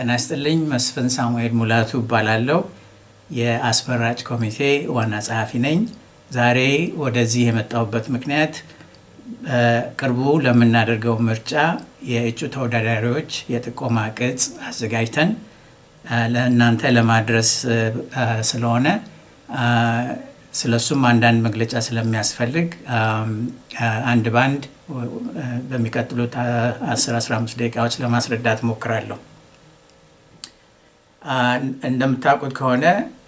ጤና ይስጥልኝ። መስፍን ሳሙኤል ሙላቱ እባላለሁ። የአስመራጭ ኮሚቴ ዋና ጸሐፊ ነኝ። ዛሬ ወደዚህ የመጣሁበት ምክንያት በቅርቡ ለምናደርገው ምርጫ የእጩ ተወዳዳሪዎች የጥቆማ ቅጽ አዘጋጅተን ለእናንተ ለማድረስ ስለሆነ ስለሱም አንዳንድ መግለጫ ስለሚያስፈልግ አንድ ባንድ በሚቀጥሉት 10-15 ደቂቃዎች ለማስረዳት ሞክራለሁ። እንደምታውቁት ከሆነ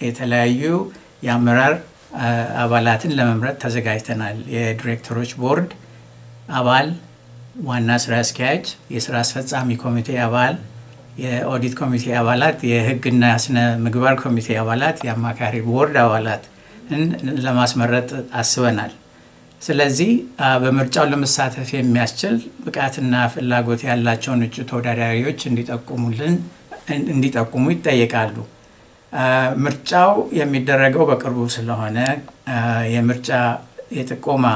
የተለያዩ የአመራር አባላትን ለመምረጥ ተዘጋጅተናል። የዲሬክተሮች ቦርድ አባል፣ ዋና ስራ አስኪያጅ፣ የስራ አስፈጻሚ ኮሚቴ አባል፣ የኦዲት ኮሚቴ አባላት፣ የህግና ስነ ምግባር ኮሚቴ አባላት፣ የአማካሪ ቦርድ አባላት ለማስመረጥ አስበናል። ስለዚህ በምርጫው ለመሳተፍ የሚያስችል ብቃትና ፍላጎት ያላቸውን እጩ ተወዳዳሪዎች እንዲጠቁሙልን እንዲጠቁሙ ይጠየቃሉ። ምርጫው የሚደረገው በቅርቡ ስለሆነ የምርጫ የጥቆማ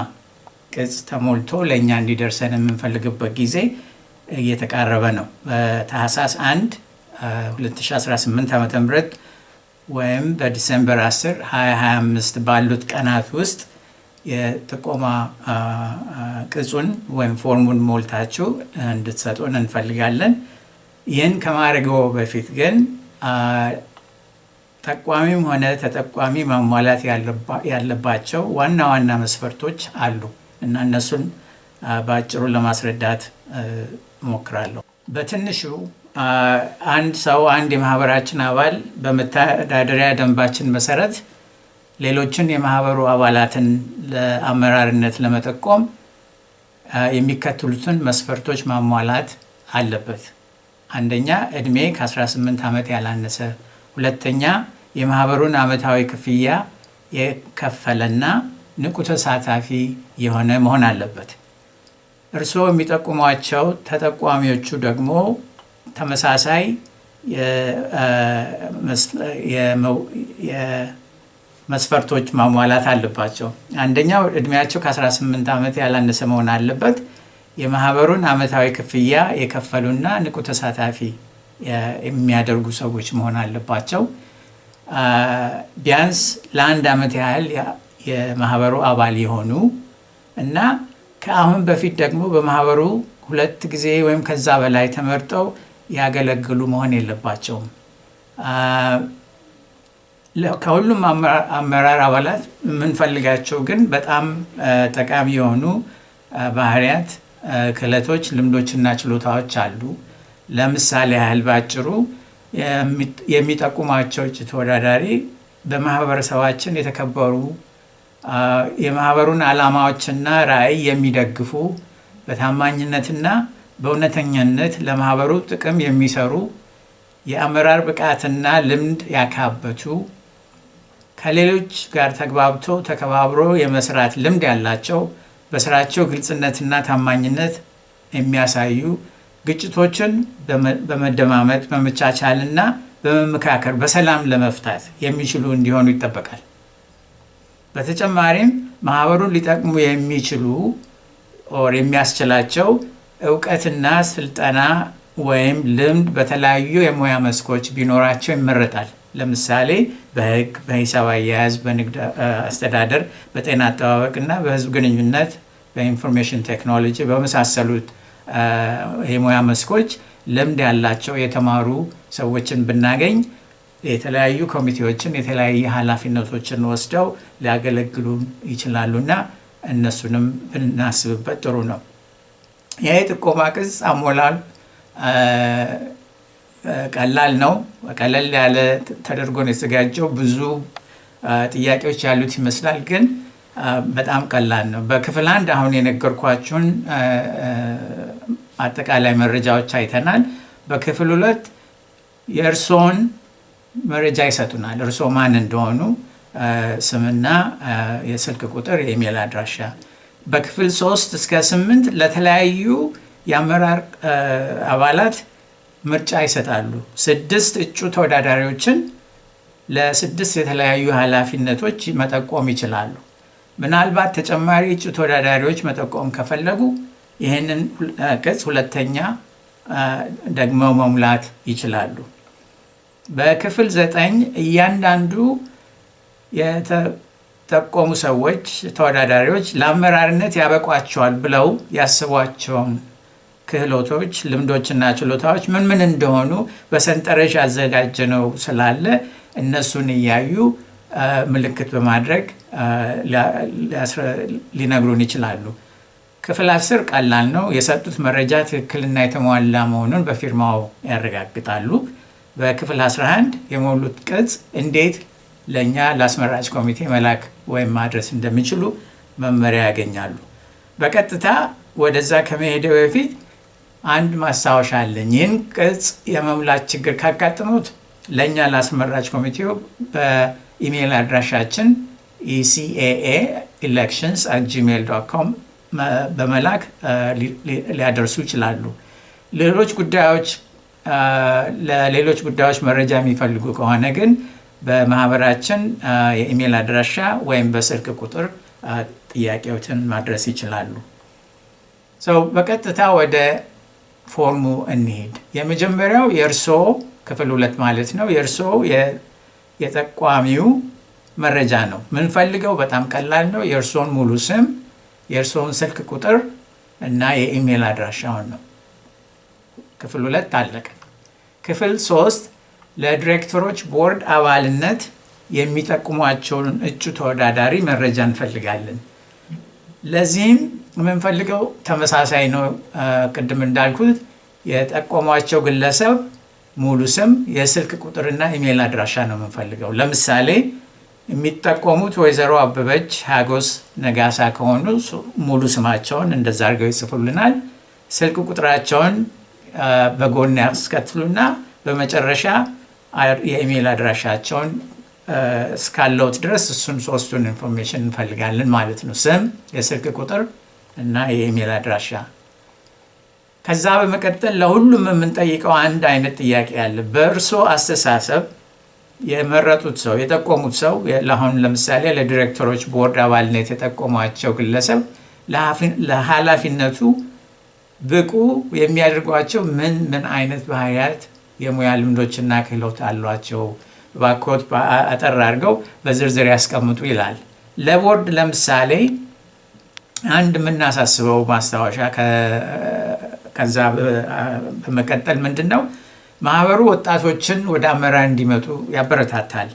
ቅጽ ተሞልቶ ለእኛ እንዲደርሰን የምንፈልግበት ጊዜ እየተቃረበ ነው። በታህሳስ 1 2018 ዓ ም ወይም በዲሰምበር 10 2025 ባሉት ቀናት ውስጥ የጥቆማ ቅጹን ወይም ፎርሙን ሞልታችሁ እንድትሰጡን እንፈልጋለን። ይህን ከማድረገው በፊት ግን ጠቋሚም ሆነ ተጠቋሚ ማሟላት ያለባቸው ዋና ዋና መስፈርቶች አሉ እና እነሱን በአጭሩ ለማስረዳት ሞክራለሁ። በትንሹ አንድ ሰው አንድ የማህበራችን አባል በመተዳደሪያ ደንባችን መሰረት ሌሎችን የማህበሩ አባላትን ለአመራርነት ለመጠቆም የሚከተሉትን መስፈርቶች ማሟላት አለበት። አንደኛ እድሜ ከ18 ዓመት ያላነሰ፣ ሁለተኛ የማህበሩን ዓመታዊ ክፍያ የከፈለና ንቁ ተሳታፊ የሆነ መሆን አለበት። እርስዎ የሚጠቁሟቸው ተጠቋሚዎቹ ደግሞ ተመሳሳይ መስፈርቶች ማሟላት አለባቸው። አንደኛው እድሜያቸው ከ18 ዓመት ያላነሰ መሆን አለበት። የማህበሩን ዓመታዊ ክፍያ የከፈሉና ንቁ ተሳታፊ የሚያደርጉ ሰዎች መሆን አለባቸው። ቢያንስ ለአንድ ዓመት ያህል የማህበሩ አባል የሆኑ እና ከአሁን በፊት ደግሞ በማህበሩ ሁለት ጊዜ ወይም ከዛ በላይ ተመርጠው ያገለግሉ መሆን የለባቸውም። ከሁሉም አመራር አባላት የምንፈልጋቸው ግን በጣም ጠቃሚ የሆኑ ባህሪያት ክለቶች ልምዶችና ችሎታዎች አሉ። ለምሳሌ ያህል ባጭሩ የሚጠቁሟቸው እጩ ተወዳዳሪ በማህበረሰባችን የተከበሩ የማህበሩን ዓላማዎችና ራዕይ የሚደግፉ በታማኝነትና በእውነተኛነት ለማህበሩ ጥቅም የሚሰሩ የአመራር ብቃትና ልምድ ያካበቱ ከሌሎች ጋር ተግባብቶ ተከባብሮ የመስራት ልምድ ያላቸው በስራቸው ግልጽነትና ታማኝነት የሚያሳዩ ግጭቶችን በመደማመጥ በመቻቻልና በመመካከር በሰላም ለመፍታት የሚችሉ እንዲሆኑ ይጠበቃል። በተጨማሪም ማህበሩን ሊጠቅሙ የሚችሉ ኦር የሚያስችላቸው እውቀትና ስልጠና ወይም ልምድ በተለያዩ የሙያ መስኮች ቢኖራቸው ይመረጣል። ለምሳሌ በህግ፣ በሂሳብ አያያዝ፣ በንግድ አስተዳደር፣ በጤና አጠባበቅ እና በህዝብ ግንኙነት፣ በኢንፎርሜሽን ቴክኖሎጂ በመሳሰሉት የሙያ መስኮች ልምድ ያላቸው የተማሩ ሰዎችን ብናገኝ የተለያዩ ኮሚቴዎችን የተለያየ ኃላፊነቶችን ወስደው ሊያገለግሉ ይችላሉ እነሱንም ብናስብበት ጥሩ ነው። ይህ የጥቆማ ቅጽ አሞላል ቀላል ነው። ቀለል ያለ ተደርጎ ነው የተዘጋጀው። ብዙ ጥያቄዎች ያሉት ይመስላል፣ ግን በጣም ቀላል ነው። በክፍል አንድ አሁን የነገርኳችሁን አጠቃላይ መረጃዎች አይተናል። በክፍል ሁለት የእርስዎን መረጃ ይሰጡናል። እርስዎ ማን እንደሆኑ ስምና የስልክ ቁጥር፣ የኢሜል አድራሻ። በክፍል ሶስት እስከ ስምንት ለተለያዩ የአመራር አባላት ምርጫ ይሰጣሉ። ስድስት እጩ ተወዳዳሪዎችን ለስድስት የተለያዩ ኃላፊነቶች መጠቆም ይችላሉ። ምናልባት ተጨማሪ እጩ ተወዳዳሪዎች መጠቆም ከፈለጉ ይህንን ገጽ ሁለተኛ ደግመው መሙላት ይችላሉ። በክፍል ዘጠኝ እያንዳንዱ የተጠቆሙ ሰዎች ተወዳዳሪዎች ለአመራርነት ያበቋቸዋል ብለው ያስቧቸውን ክህሎቶች፣ ልምዶችና ችሎታዎች ምን ምን እንደሆኑ በሰንጠረዥ ያዘጋጀነው ስላለ እነሱን እያዩ ምልክት በማድረግ ሊነግሩን ይችላሉ። ክፍል አስር ቀላል ነው። የሰጡት መረጃ ትክክልና የተሟላ መሆኑን በፊርማው ያረጋግጣሉ። በክፍል 11 የሞሉት ቅጽ እንዴት ለእኛ ለአስመራጭ ኮሚቴ መላክ ወይም ማድረስ እንደሚችሉ መመሪያ ያገኛሉ። በቀጥታ ወደዛ ከመሄደ በፊት አንድ ማስታወሻ አለኝ። ይህን ቅጽ የመሙላት ችግር ካጋጠሙት ለእኛ ላስመራጭ ኮሚቴው በኢሜይል አድራሻችን ኢሲኤኤ ኢሌክሽንስ አት ጂሜይል ዶት ኮም በመላክ ሊያደርሱ ይችላሉ። ሌሎች ጉዳዮች ለሌሎች ጉዳዮች መረጃ የሚፈልጉ ከሆነ ግን በማህበራችን የኢሜይል አድራሻ ወይም በስልክ ቁጥር ጥያቄዎችን ማድረስ ይችላሉ። ሰው በቀጥታ ወደ ፎርሙ እንሄድ። የመጀመሪያው የእርሶ ክፍል ሁለት ማለት ነው። የእርሶ የጠቋሚው መረጃ ነው ምንፈልገው። በጣም ቀላል ነው። የእርሶን ሙሉ ስም፣ የእርሶን ስልክ ቁጥር እና የኢሜል አድራሻውን ነው። ክፍል ሁለት አለቀ። ክፍል ሶስት ለዲሬክተሮች ቦርድ አባልነት የሚጠቁሟቸውን እጩ ተወዳዳሪ መረጃ እንፈልጋለን። ለዚህም የምንፈልገው ተመሳሳይ ነው። ቅድም እንዳልኩት የጠቆሟቸው ግለሰብ ሙሉ ስም፣ የስልክ ቁጥርና ኢሜይል አድራሻ ነው የምንፈልገው። ለምሳሌ የሚጠቆሙት ወይዘሮ አበበች ሀጎስ ነጋሳ ከሆኑ ሙሉ ስማቸውን እንደዛ አድርገው ይጽፉልናል። ስልክ ቁጥራቸውን በጎን ያስከትሉና በመጨረሻ የኢሜይል አድራሻቸውን እስካለውት ድረስ እሱን ሶስቱን ኢንፎርሜሽን እንፈልጋለን ማለት ነው። ስም፣ የስልክ ቁጥር እና የኢሜል አድራሻ። ከዛ በመቀጠል ለሁሉም የምንጠይቀው አንድ አይነት ጥያቄ አለ። በእርሶ አስተሳሰብ የመረጡት ሰው የጠቆሙት ሰው ለአሁን ለምሳሌ ለዲሬክተሮች ቦርድ አባልነት የጠቆሟቸው ግለሰብ ለኃላፊነቱ ብቁ የሚያደርጓቸው ምን ምን አይነት ባህሪያት፣ የሙያ ልምዶችና ክህሎት አሏቸው ባኮት አጠር አድርገው በዝርዝር ያስቀምጡ ይላል። ለቦርድ ለምሳሌ አንድ የምናሳስበው ማስታወሻ ከዛ በመቀጠል ምንድን ነው ማህበሩ ወጣቶችን ወደ አመራር እንዲመጡ ያበረታታል።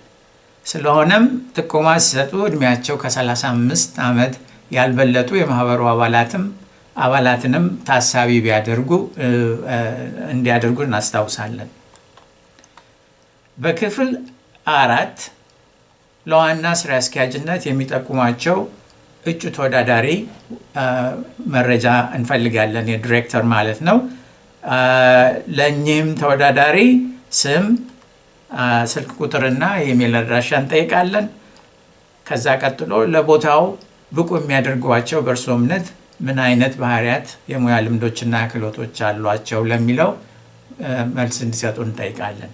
ስለሆነም ጥቆማ ሲሰጡ እድሜያቸው ከ35 ዓመት ያልበለጡ የማህበሩ አባላትም አባላትንም ታሳቢ ቢያደርጉ እንዲያደርጉ እናስታውሳለን። በክፍል አራት ለዋና ስራ አስኪያጅነት የሚጠቁማቸው እጩ ተወዳዳሪ መረጃ እንፈልጋለን። የዲሬክተር ማለት ነው። ለእኚህም ተወዳዳሪ ስም፣ ስልክ ቁጥርና የኢሜል አድራሻ እንጠይቃለን። ከዛ ቀጥሎ ለቦታው ብቁ የሚያደርጓቸው በእርሶ እምነት ምን አይነት ባህሪያት፣ የሙያ ልምዶችና ክህሎቶች አሏቸው ለሚለው መልስ እንዲሰጡ እንጠይቃለን።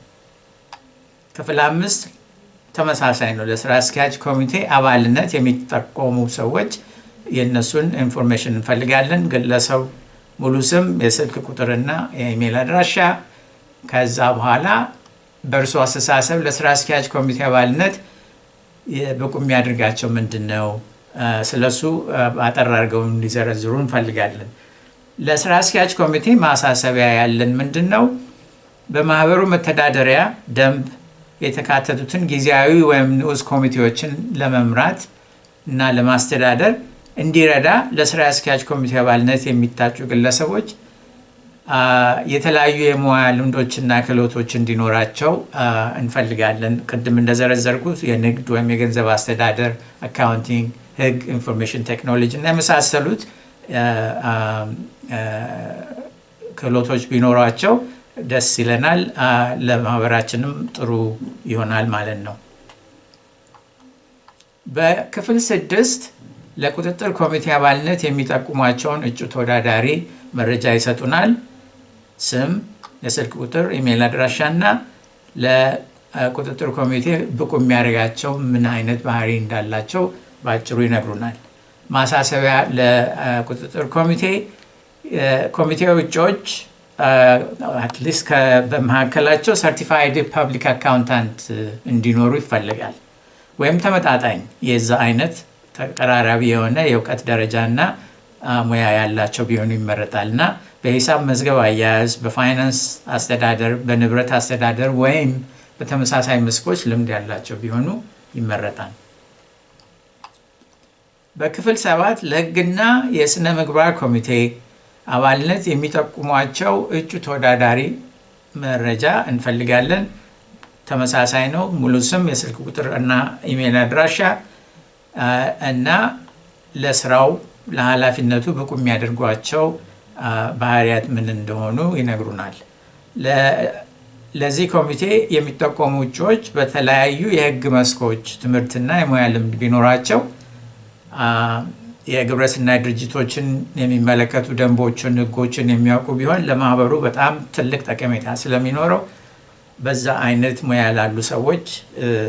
ክፍል አምስት ተመሳሳይ ነው። ለስራ አስኪያጅ ኮሚቴ አባልነት የሚጠቆሙ ሰዎች የእነሱን ኢንፎርሜሽን እንፈልጋለን። ግለሰብ ሙሉ ስም፣ የስልክ ቁጥርና የኢሜል አድራሻ። ከዛ በኋላ በእርሶ አስተሳሰብ ለስራ አስኪያጅ ኮሚቴ አባልነት ብቁ የሚያደርጋቸው ምንድን ነው? ስለሱ አጠር እንዲዘረዝሩ እንፈልጋለን። ለስራ አስኪያጅ ኮሚቴ ማሳሰቢያ ያለን ምንድን ነው? በማህበሩ መተዳደሪያ ደንብ የተካተቱትን ጊዜያዊ ወይም ንዑስ ኮሚቴዎችን ለመምራት እና ለማስተዳደር እንዲረዳ ለስራ አስኪያጅ ኮሚቴ አባልነት የሚታጩ ግለሰቦች የተለያዩ የሙያ ልምዶችና ክህሎቶች እንዲኖራቸው እንፈልጋለን። ቅድም እንደዘረዘርኩት የንግድ ወይም የገንዘብ አስተዳደር፣ አካውንቲንግ፣ ህግ ኢንፎርሜሽን ቴክኖሎጂ እና የመሳሰሉት ክህሎቶች ቢኖሯቸው ደስ ይለናል። ለማህበራችንም ጥሩ ይሆናል ማለት ነው። በክፍል ስድስት ለቁጥጥር ኮሚቴ አባልነት የሚጠቁሟቸውን እጩ ተወዳዳሪ መረጃ ይሰጡናል። ስም፣ የስልክ ቁጥር፣ ኢሜል አድራሻ እና ለቁጥጥር ኮሚቴ ብቁ የሚያደርጋቸው ምን አይነት ባህሪ እንዳላቸው በአጭሩ ይነግሩናል። ማሳሰቢያ ለቁጥጥር ኮሚቴ ኮሚቴ እጩዎች አትሊስት በመካከላቸው ሰርቲፋይድ ፐብሊክ አካውንታንት እንዲኖሩ ይፈልጋል። ወይም ተመጣጣኝ የዛ አይነት ተቀራራቢ የሆነ የእውቀት ደረጃና ሙያ ያላቸው ቢሆኑ ይመረጣል እና በሂሳብ መዝገብ አያያዝ፣ በፋይናንስ አስተዳደር፣ በንብረት አስተዳደር ወይም በተመሳሳይ መስኮች ልምድ ያላቸው ቢሆኑ ይመረጣል። በክፍል ሰባት ለህግና የስነ ምግባር ኮሚቴ አባልነት የሚጠቁሟቸው እጩ ተወዳዳሪ መረጃ እንፈልጋለን። ተመሳሳይ ነው። ሙሉ ስም፣ የስልክ ቁጥር እና ኢሜል አድራሻ እና ለስራው ለኃላፊነቱ ብቁ የሚያደርጓቸው ባህሪያት ምን እንደሆኑ ይነግሩናል። ለዚህ ኮሚቴ የሚጠቆሙ እጩዎች በተለያዩ የህግ መስኮች ትምህርትና የሙያ ልምድ ቢኖራቸው የግብረሰናይ ድርጅቶችን የሚመለከቱ ደንቦችን፣ ህጎችን የሚያውቁ ቢሆን ለማህበሩ በጣም ትልቅ ጠቀሜታ ስለሚኖረው በዛ አይነት ሙያ ላሉ ሰዎች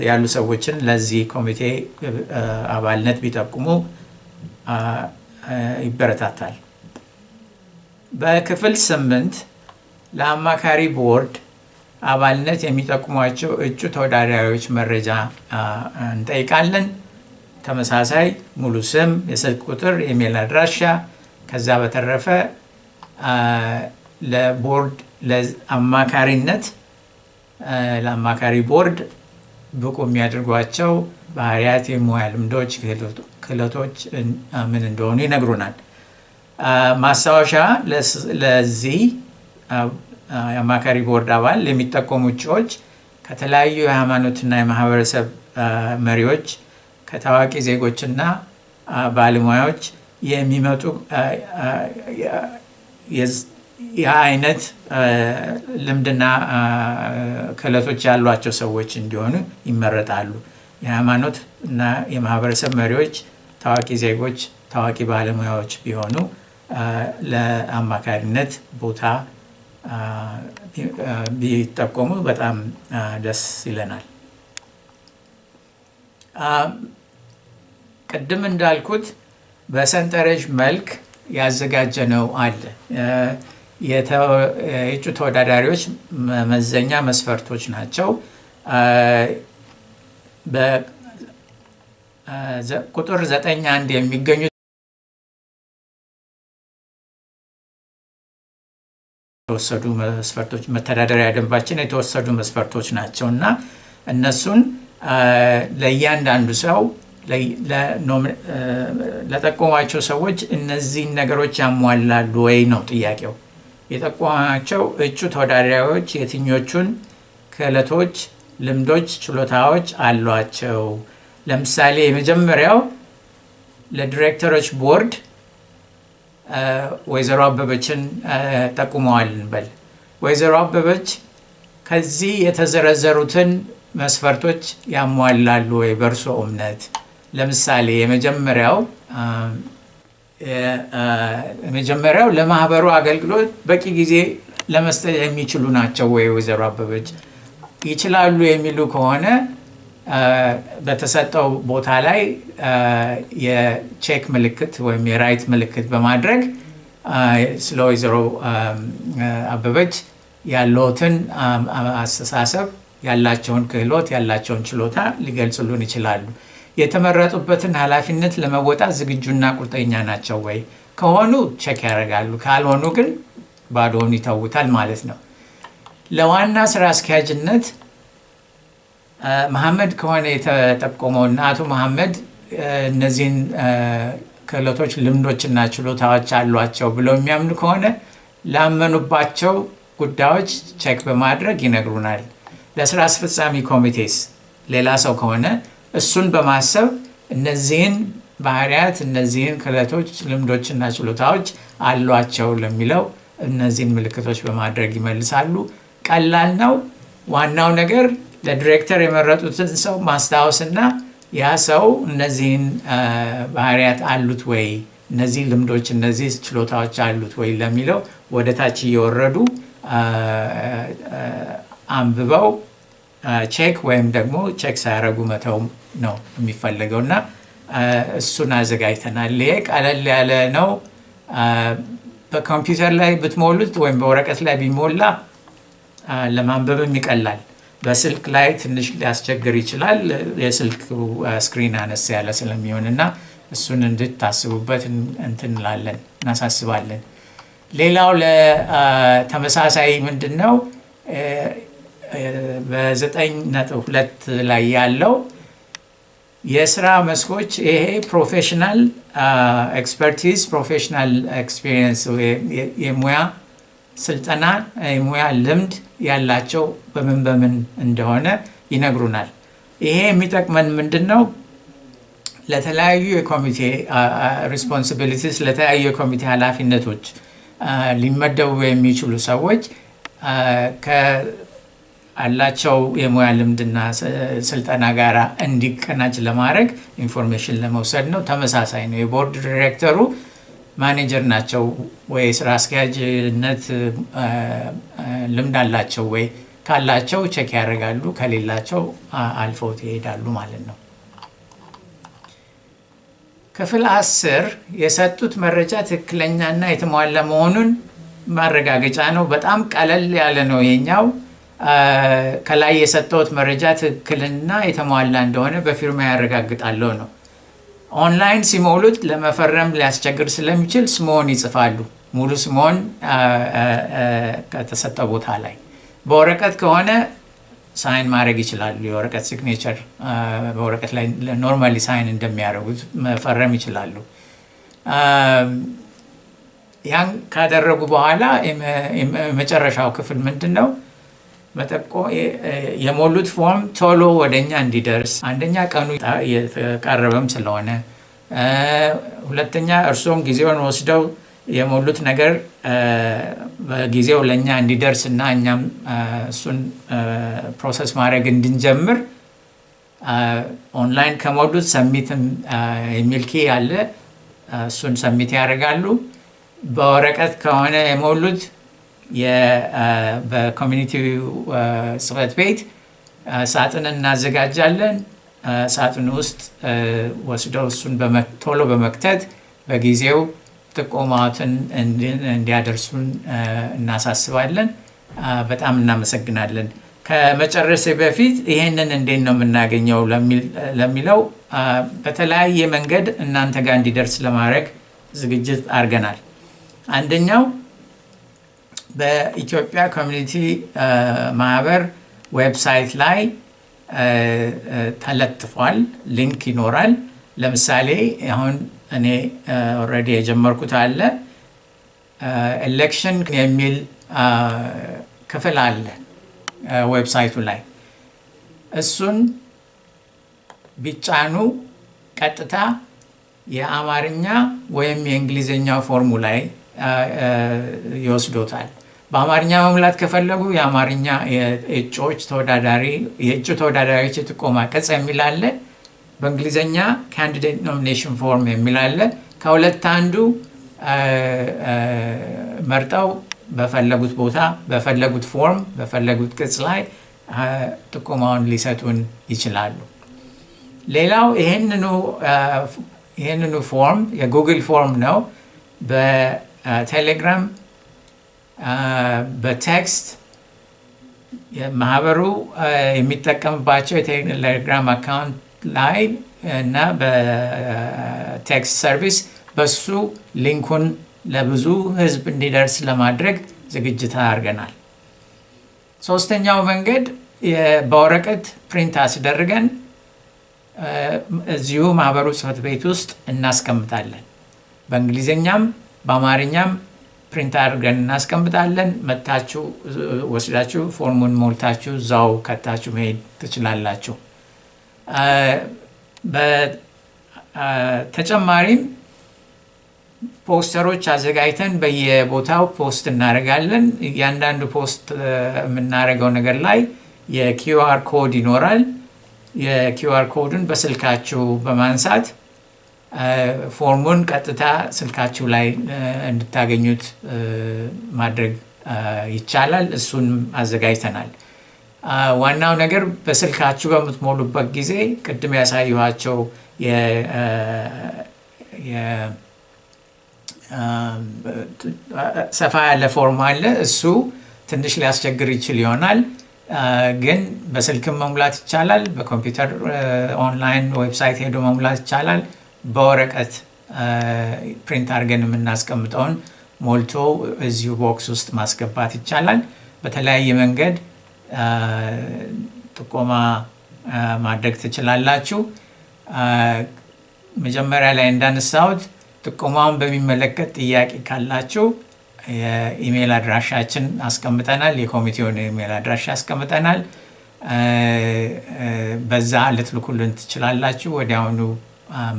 ያሉ ሰዎችን ለዚህ ኮሚቴ አባልነት ቢጠቁሙ ይበረታታል። በክፍል ስምንት ለአማካሪ ቦርድ አባልነት የሚጠቁሟቸው እጩ ተወዳዳሪዎች መረጃ እንጠይቃለን። ተመሳሳይ ሙሉ ስም፣ የስልክ ቁጥር፣ ኢሜል አድራሻ። ከዛ በተረፈ ለቦርድ ለአማካሪነት ለአማካሪ ቦርድ ብቁ የሚያደርጓቸው ባህሪያት፣ የሙያ ልምዶች፣ ክህሎቶች ምን እንደሆኑ ይነግሩናል። ማስታወሻ ለዚህ የአማካሪ ቦርድ አባል የሚጠቆሙ እጩዎች ከተለያዩ የሃይማኖትና የማህበረሰብ መሪዎች ከታዋቂ ዜጎችና ባለሙያዎች የሚመጡ የአይነት ልምድና ክለቶች ያሏቸው ሰዎች እንዲሆኑ ይመረጣሉ። የሃይማኖት እና የማህበረሰብ መሪዎች፣ ታዋቂ ዜጎች፣ ታዋቂ ባለሙያዎች ቢሆኑ ለአማካሪነት ቦታ ቢጠቆሙ በጣም ደስ ይለናል። ቅድም እንዳልኩት በሰንጠረዥ መልክ ያዘጋጀነው አለ። የእጩ ተወዳዳሪዎች መመዘኛ መስፈርቶች ናቸው። ቁጥር ዘጠኝ አንድ የሚገኙት የተወሰዱ መስፈርቶች መተዳደሪያ ደንባችን የተወሰዱ መስፈርቶች ናቸው እና እነሱን ለእያንዳንዱ ሰው ለጠቆማቸው ሰዎች እነዚህን ነገሮች ያሟላሉ ወይ ነው ጥያቄው። የጠቆማቸው እጩ ተወዳዳሪዎች የትኞቹን ክህለቶች፣ ልምዶች፣ ችሎታዎች አሏቸው? ለምሳሌ የመጀመሪያው ለዲሬክተሮች ቦርድ ወይዘሮ አበበችን ጠቁመዋል እንበል። ወይዘሮ አበበች ከዚህ የተዘረዘሩትን መስፈርቶች ያሟላሉ ወይ በእርሶ እምነት? ለምሳሌ የመጀመሪያው የመጀመሪያው ለማህበሩ አገልግሎት በቂ ጊዜ ለመስጠት የሚችሉ ናቸው ወይ ወይዘሮ አበበች? ይችላሉ የሚሉ ከሆነ በተሰጠው ቦታ ላይ የቼክ ምልክት ወይም የራይት ምልክት በማድረግ ስለ ወይዘሮ አበበች ያለትን አስተሳሰብ፣ ያላቸውን ክህሎት፣ ያላቸውን ችሎታ ሊገልጹልን ይችላሉ። የተመረጡበትን ኃላፊነት ለመወጣት ዝግጁና ቁርጠኛ ናቸው ወይ? ከሆኑ ቸክ ያደርጋሉ፣ ካልሆኑ ግን ባዶውን ይተውታል ማለት ነው። ለዋና ስራ አስኪያጅነት መሐመድ ከሆነ የተጠቆመው እና አቶ መሐመድ እነዚህን ክህሎቶች፣ ልምዶችና ችሎታዎች አሏቸው ብለው የሚያምኑ ከሆነ ላመኑባቸው ጉዳዮች ቸክ በማድረግ ይነግሩናል። ለስራ አስፈጻሚ ኮሚቴስ ሌላ ሰው ከሆነ እሱን በማሰብ እነዚህን ባህሪያት እነዚህን ክለቶች ልምዶችና ችሎታዎች አሏቸው ለሚለው እነዚህን ምልክቶች በማድረግ ይመልሳሉ። ቀላል ነው። ዋናው ነገር ለዲሬክተር የመረጡትን ሰው ማስታወስና ያ ሰው እነዚህን ባህሪያት አሉት ወይ፣ እነዚህ ልምዶች፣ እነዚህ ችሎታዎች አሉት ወይ ለሚለው ወደ ታች እየወረዱ አንብበው ቼክ ወይም ደግሞ ቼክ ሳያደረጉ መተው ነው የሚፈለገው እና እሱን አዘጋጅተናል። ይሄ ቀለል ያለ ነው። በኮምፒውተር ላይ ብትሞሉት ወይም በወረቀት ላይ ቢሞላ ለማንበብም ይቀላል። በስልክ ላይ ትንሽ ሊያስቸግር ይችላል። የስልክ ስክሪን አነስ ያለ ስለሚሆን እና እሱን እንድታስቡበት እንትንላለን እናሳስባለን። ሌላው ለተመሳሳይ ምንድን ነው በዘጠኝ ነጥብ ሁለት ላይ ያለው የስራ መስኮች ይሄ ፕሮፌሽናል ኤክስፐርቲዝ ፕሮፌሽናል ኤክስፒሪየንስ የሙያ ስልጠና የሙያ ልምድ ያላቸው በምን በምን እንደሆነ ይነግሩናል። ይሄ የሚጠቅመን ምንድን ነው? ለተለያዩ የኮሚቴ ሪስፖንሲቢሊቲስ ለተለያዩ የኮሚቴ ኃላፊነቶች ሊመደቡ የሚችሉ ሰዎች አላቸው የሙያ ልምድና ስልጠና ጋር እንዲቀናጅ ለማድረግ ኢንፎርሜሽን ለመውሰድ ነው። ተመሳሳይ ነው። የቦርድ ዲሬክተሩ ማኔጀር ናቸው ወይ ስራ አስኪያጅነት ልምድ አላቸው ወይ? ካላቸው ቼክ ያደርጋሉ፣ ከሌላቸው አልፈውት ይሄዳሉ ማለት ነው። ክፍል አስር የሰጡት መረጃ ትክክለኛና የተሟላ መሆኑን ማረጋገጫ ነው። በጣም ቀለል ያለ ነው የኛው። ከላይ የሰጠሁት መረጃ ትክክልና የተሟላ እንደሆነ በፊርማ ያረጋግጣለሁ ነው። ኦንላይን ሲሞሉት ለመፈረም ሊያስቸግር ስለሚችል ስሞን ይጽፋሉ፣ ሙሉ ስሞን ከተሰጠ ቦታ ላይ። በወረቀት ከሆነ ሳይን ማድረግ ይችላሉ። የወረቀት ሲግኔቸር በወረቀት ላይ ኖርማሊ ሳይን እንደሚያደርጉት መፈረም ይችላሉ። ያን ካደረጉ በኋላ የመጨረሻው ክፍል ምንድን ነው? መጠቆ የሞሉት ፎርም ቶሎ ወደኛ እንዲደርስ አንደኛ ቀኑ የተቃረበም ስለሆነ፣ ሁለተኛ እርስዎም ጊዜውን ወስደው የሞሉት ነገር በጊዜው ለእኛ እንዲደርስ እና እኛም እሱን ፕሮሰስ ማድረግ እንድንጀምር ኦንላይን ከሞሉት ሰሚት የሚል ኪ ያለ እሱን ሰሚት ያደርጋሉ። በወረቀት ከሆነ የሞሉት በኮሚኒቲ ጽህፈት ቤት ሳጥን እናዘጋጃለን። ሳጥን ውስጥ ወስዶ እሱን ቶሎ በመክተት በጊዜው ጥቆማትን እንዲያደርሱን እናሳስባለን። በጣም እናመሰግናለን። ከመጨረሴ በፊት ይህንን እንዴት ነው የምናገኘው ለሚለው በተለያየ መንገድ እናንተ ጋር እንዲደርስ ለማድረግ ዝግጅት አድርገናል። አንደኛው በኢትዮጵያ ኮሚኒቲ ማህበር ዌብሳይት ላይ ተለጥፏል። ሊንክ ይኖራል። ለምሳሌ አሁን እኔ ኦልሬዲ የጀመርኩት አለ ኤሌክሽን የሚል ክፍል አለ ዌብሳይቱ ላይ። እሱን ቢጫኑ ቀጥታ የአማርኛ ወይም የእንግሊዝኛው ፎርሙ ላይ ይወስዶታል። በአማርኛ መሙላት ከፈለጉ የአማርኛ የእጩዎች ተወዳዳሪ የእጩ ተወዳዳሪዎች የጥቆማ ቅጽ የሚል አለ። በእንግሊዝኛ ካንዲዴት ኖሚኔሽን ፎርም የሚል አለ። ከሁለት አንዱ መርጠው በፈለጉት ቦታ በፈለጉት ፎርም በፈለጉት ቅጽ ላይ ጥቆማውን ሊሰጡን ይችላሉ። ሌላው ይህንኑ ፎርም የጉግል ፎርም ነው በቴሌግራም በቴክስት ማህበሩ የሚጠቀምባቸው የቴሌግራም አካውንት ላይ እና በቴክስት ሰርቪስ በሱ ሊንኩን ለብዙ ህዝብ እንዲደርስ ለማድረግ ዝግጅት አድርገናል። ሶስተኛው መንገድ በወረቀት ፕሪንት አስደርገን እዚሁ ማህበሩ ጽህፈት ቤት ውስጥ እናስቀምጣለን። በእንግሊዝኛም በአማርኛም ፕሪንት አድርገን እናስቀምጣለን። መታችሁ ወስዳችሁ ፎርሙን ሞልታችሁ እዛው ከታችሁ መሄድ ትችላላችሁ። በተጨማሪም ፖስተሮች አዘጋጅተን በየቦታው ፖስት እናደርጋለን። እያንዳንዱ ፖስት የምናደርገው ነገር ላይ የኪዩአር ኮድ ይኖራል። የኪዩአር ኮዱን በስልካችሁ በማንሳት ፎርሙን ቀጥታ ስልካችሁ ላይ እንድታገኙት ማድረግ ይቻላል። እሱን አዘጋጅተናል። ዋናው ነገር በስልካችሁ በምትሞሉበት ጊዜ ቅድም ያሳየኋቸው ሰፋ ያለ ፎርም አለ። እሱ ትንሽ ሊያስቸግር ይችል ይሆናል፣ ግን በስልክም መሙላት ይቻላል። በኮምፒውተር ኦንላይን ዌብሳይት ሄዶ መሙላት ይቻላል። በወረቀት ፕሪንት አድርገን የምናስቀምጠውን ሞልቶ እዚሁ ቦክስ ውስጥ ማስገባት ይቻላል። በተለያየ መንገድ ጥቆማ ማድረግ ትችላላችሁ። መጀመሪያ ላይ እንዳነሳሁት ጥቆማውን በሚመለከት ጥያቄ ካላችሁ የኢሜይል አድራሻችን አስቀምጠናል። የኮሚቴውን የኢሜይል አድራሻ አስቀምጠናል። በዛ ልትልኩልን ትችላላችሁ ወዲያውኑ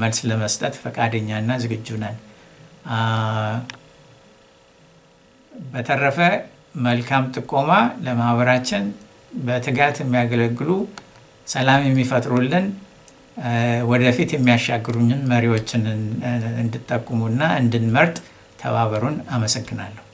መልስ ለመስጠት ፈቃደኛ ና ዝግጁ ነን። በተረፈ መልካም ጥቆማ ለማህበራችን በትጋት የሚያገለግሉ ሰላም የሚፈጥሩልን ወደፊት የሚያሻግሩኝን መሪዎችን እንድጠቁሙና እንድንመርጥ ተባበሩን። አመሰግናለሁ።